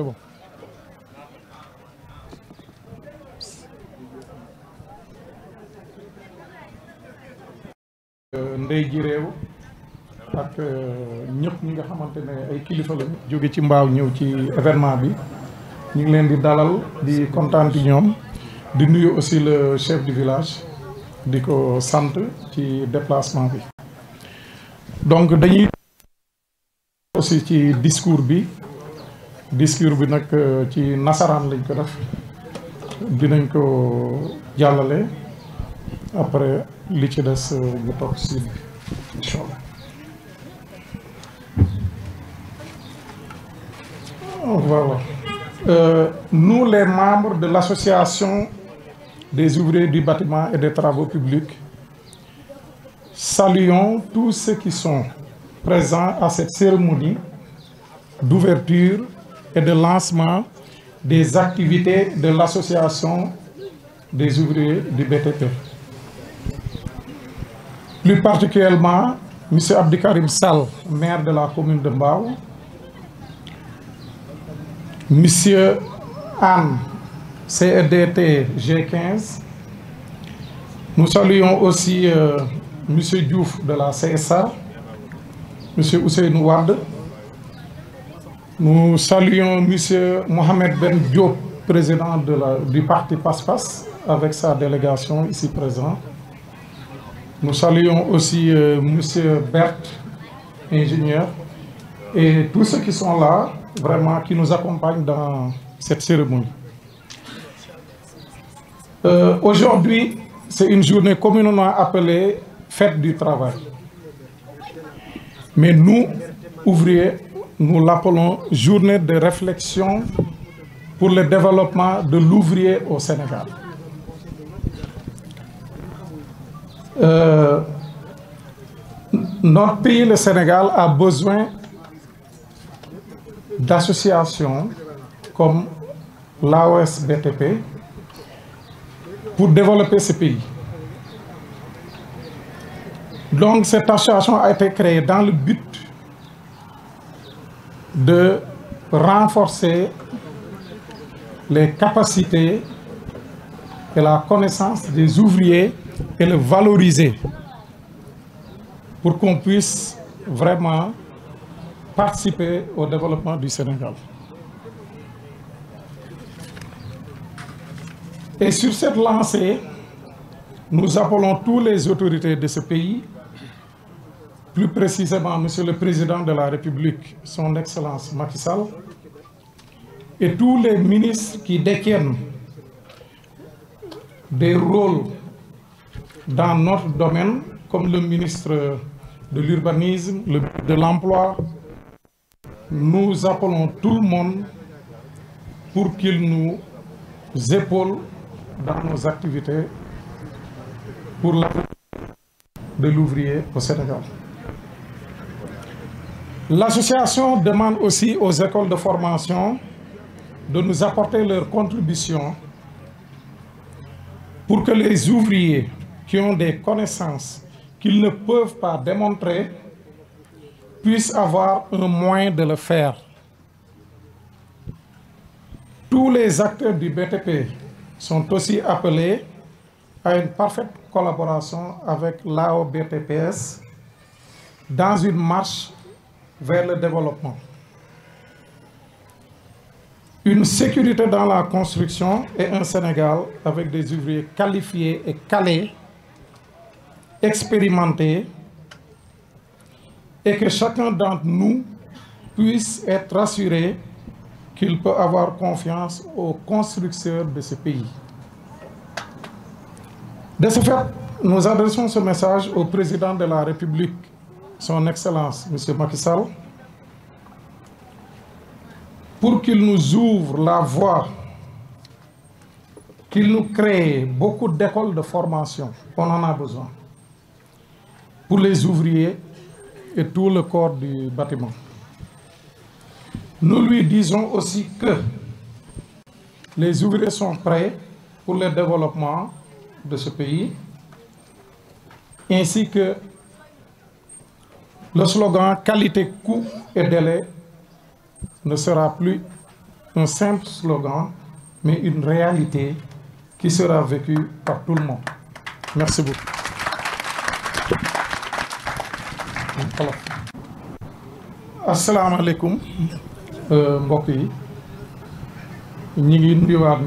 C'est bon. Euh, ndey ji réew ak euh, ñëpp ñi nga xamante ne ay kilifa lañu jóge ci mbaaw ñëw ci événement bi ñu ngi leen di dalal di kontaan ci ñoom di nuyu aussi la chef du village di ko sant ci déplacement bi donc dañuy aussi ci discours bi après euh, oh, euh, nous les membres de l'association des ouvriers du bâtiment et des travaux publics saluons tous ceux qui sont présents à cette cérémonie d'ouverture et de lancement des activités de l'association des ouvriers du BTP. Plus particulièrement, M. Abdikarim Sal, maire de la commune de Mbao, M. Anne, CRDT e G15. Nous saluons aussi euh, M. Diouf de la CSA, M. Ousseinou Ward, nous saluons M. Mohamed Ben Diop, président du parti Passe-Passe, avec sa délégation ici présente. Nous saluons aussi euh, M. Bert, ingénieur, et tous ceux qui sont là, vraiment, qui nous accompagnent dans cette cérémonie. Euh, aujourd'hui, c'est une journée communément appelée Fête du travail. Mais nous, ouvriers, nous l'appelons journée de réflexion pour le développement de l'ouvrier au Sénégal. Euh, notre pays, le Sénégal, a besoin d'associations comme l'AOSBTP pour développer ce pays. Donc cette association a été créée dans le but de renforcer les capacités et la connaissance des ouvriers et les valoriser pour qu'on puisse vraiment participer au développement du Sénégal. Et sur cette lancée, nous appelons toutes les autorités de ce pays plus précisément Monsieur le Président de la République, Son Excellence Macky Sall, et tous les ministres qui détiennent des rôles dans notre domaine, comme le ministre de l'Urbanisme, de l'Emploi, nous appelons tout le monde pour qu'il nous épaule dans nos activités pour l'avenir de l'ouvrier au Sénégal. L'association demande aussi aux écoles de formation de nous apporter leur contribution pour que les ouvriers qui ont des connaissances qu'ils ne peuvent pas démontrer puissent avoir un moyen de le faire. Tous les acteurs du BTP sont aussi appelés à une parfaite collaboration avec l'AOBTPS dans une marche vers le développement. Une sécurité dans la construction et un Sénégal avec des ouvriers qualifiés et calés, expérimentés, et que chacun d'entre nous puisse être assuré qu'il peut avoir confiance aux constructeurs de ce pays. De ce fait, nous adressons ce message au président de la République, son Excellence, Monsieur Macky Sall, pour qu'il nous ouvre la voie, qu'il nous crée beaucoup d'écoles de formation. On en a besoin pour les ouvriers et tout le corps du bâtiment. Nous lui disons aussi que les ouvriers sont prêts pour le développement de ce pays, ainsi que le slogan qualité, coût et délai ne sera plus un simple slogan, mais une réalité qui sera vécue par tout le monde. Merci beaucoup.